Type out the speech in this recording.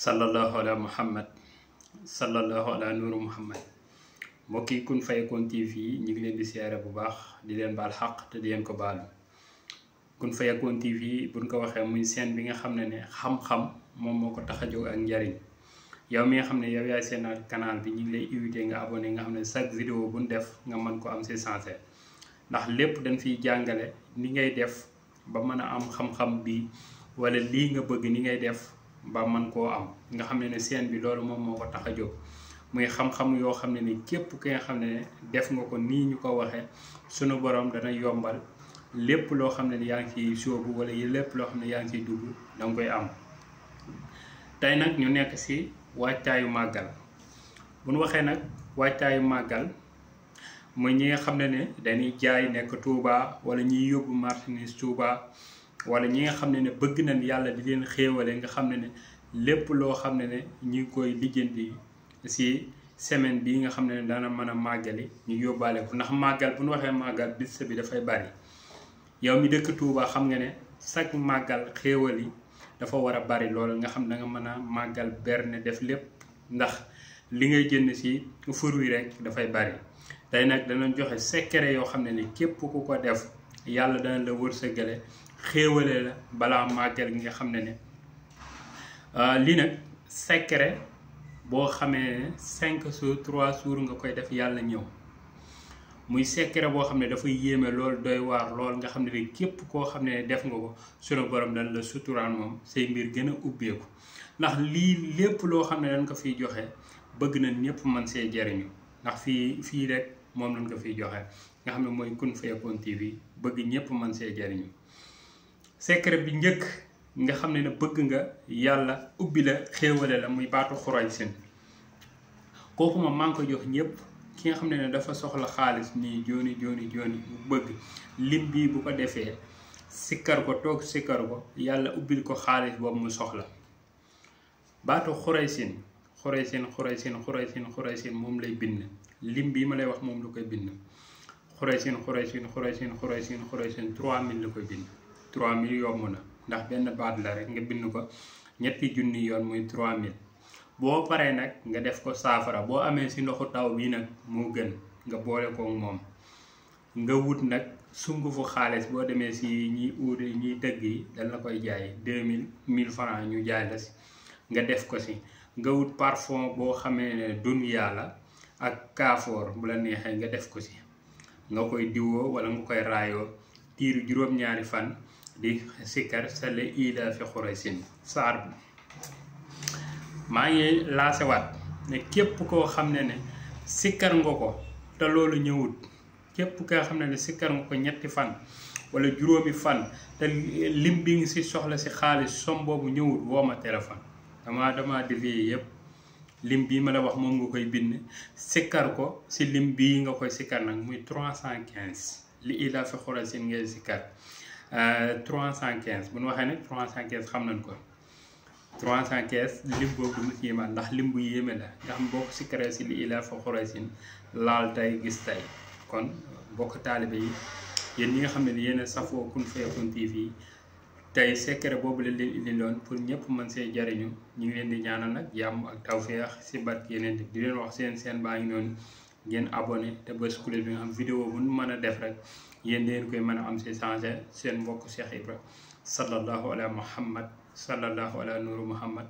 sallallahu ala muhammad sallallahu ala nuru muhammad mbokk yi Kun Fayakoun TV ñu ngi leen di seere bu baax di leen baal xaq te di leen ko baalu Kun Fayakoun TV buñ ko waxee muy seen bi nga xam ne ne xam-xam moom moo ko tax a jóg ak njariñ yow mi nga xam ne yow yaay seen kanaan bi ñu ngi lay invité nga abonné nga xam ne chaque vidéo buñ def nga mën ko am si sensé ndax lépp dañ fiy jàngale ni ngay def ba mën a am xam-xam bi wala lii nga bëgg ni ngay def ba man koo am nga xam ne ne seen bi loolu moom moo ko tax a jóg muy xam-xam yoo xam ne ni képp ki nga xam ne def nga ko nii ñu ko waxee sunu borom dana yombal lépp loo xam ne ni yaa ngi ci sóobu wala yi lépp loo xam ne yaa ngi ciy dugg danga koy am tey nag ñu nekk ci waajtaayu màggal bu nu waxee nag waajtaayu màggal muy ñi nga xam ne ne dañuy jaay nekk tuubaa wala ñiy yóbbu marchandise suubaa wala ñi nga xam ne ne bëgg nañ yàlla di leen xéewale nga xam ne ne lépp loo xam ne ne ñi koy koy lijjanti si semaine bii nga xam ne ne dana mën a màggali ñu yóbbaale ko ndax màggal bu ñu waxee màggal bis bi dafay bari yow mi dëkk Touba xam nga ne chaque màggal xéewal yi dafa war a bari lool nga xam da mën a màggal berne def lépp ndax li ngay jënd si fur yi rek dafay bari tey nag dana joxe secret yoo xam ne ne képp ku ko def yàlla dana la wërsëgale xéewalee la balaa màggal gi nga xam ne ne euh, lii nag secret boo xamee ne cinq jours trois jours nga koy def yàlla ñëw muy secret boo xam ne dafay yéeme lool doy waar lool nga xam ne ne képp koo xam ne def nga ko sunu borom dañ la suturaan moom say mbir gën a ubbeeku ndax lii lépp loo xam ne dañ ko fiy joxe bëgg na ñëpp man see jariñu ndax fii fii rek moom lañ ko fiy joxe nga xam ne mooy Kun Fayakoun TV bëgg ñëpp man see jariñu secret bi njëkk nga xam ne ne bëgg nga yàlla ubbi la xéewale la muy baatu xurañ sin kooku moom maa ngi ko jox ñépp ki nga xam ne ne dafa soxla xaalis nii jooni jooni jooni bu bëgg lim bii bu ko defee sikkar ko toog sikkar ko yàlla ubbil ko xaalis boobu mu soxla baatu xurey sin xurey sin xurey sin xurey sin xurey moom lay bind lim bii ma lay wax moom lu koy bind xurey sin xurey sin xurey sin xurey sin xurey la koy bind 3000 yomb na ndax benn baat la rek nga bind ko ñetti junni yoon muy 3000 boo paree nag nga def ko saafara boo amee si ndoxu taw bi nag moo gën nga boole ko moom nga wut nag sungufu xaalis boo demee si ñiy uude ñiy dëgg yi dañ la koy jaay 2000 mille francs ñu jaay la si nga def ko si nga wut parfum boo xamee ne dunya yàlla ak kaafoor bu la neexee nga def ko si nga koy diwoo wala nga koy raayoo tiiru juróom-ñaari fan di sikkar sa la ila fi xuraysin saar bi maa ngi laasewaat ne képp koo xam ne ne sikkar nga ko te loolu ñëwut képp koo xam ne ne sikkar nga ko ñetti fan wala juróomi fan te lim bi ngi si soxla si xaalis som boobu ñëwut woo ma téléphone dama dama dévier yépp lim bii ma la wax moom nga koy bind sikkar ko si lim bii nga koy sikkar nag muy trois cent quinze li ila fi xuraysin ngay sikkar Euh, trois cent quinze bu ñu waxee nag trois cent quinze xam nañ ko trois cent quinze lim boobu du mu yéema ndax lim bu yéeme la nga xam boo ko si si li ila fa xuraysin laal tey gis tey kon bokk taalibe yi yéen ñi nga xam ne ni yéen safoo Kun Fayakoun TV tey secret boobu la leen indi loon pour ñëpp mën see jariñu ñu ngi leen di ñaanal nag jàmm ak tawféex si barke yeneen di leen wax seen seen baa ngi noonu ngeen abonné te bés kuréel bi nga xam vidéo bu nu mën a def rek yéen deen koy mën a am si changé seen mbokk Cheikh Ibra sallallahu ala muhammad sallallahu ala nuru muhammad